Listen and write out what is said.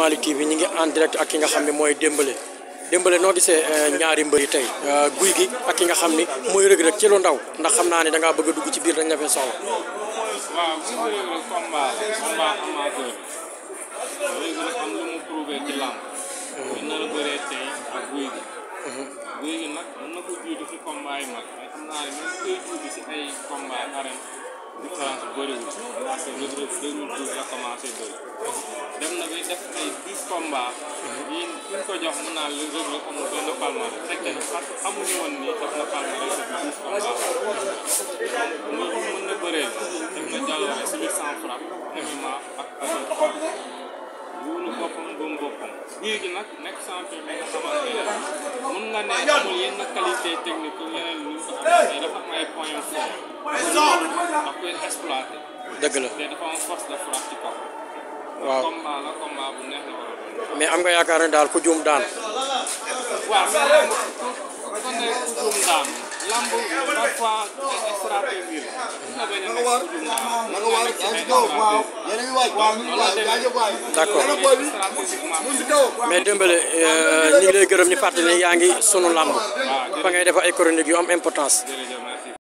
Malick TV ñu ngi en direct ak ki nga xam ne mooy Dembélé Dembélé noo gisee euh, ñaari mbër tey euh, guy gi nga xam ni mooy Reug Reug lu ndaw ndax xam naa ne da bëgg a dugg ci nga Reug Reug am mhm. na ko jiitu ci combat yi mag mais xam naa ne mën na ci ay différence bëriwul parce que Reug Reug dem na bay def ay 10 combats yi na parce que amuñu woon ni def na palmarès def 10 combats muy mën na bëree def na jàllale si biir sans frappe MMA ak ak wóolu boppam boppam guy gi nag nekk champion bi ne mun nga ne amul yenn qualité technique yi yeneen lu ñu ko amee dafa am ay points daf dëgg la waaw combat a doon. mais am nga yaakaar ne daal ku juum daan. waaw mais kon nag ku juum daan lamb la. Euh, gërëm ñu fàttali ne yaa ngi sunu lamb. fa ngay def ay yu am importance.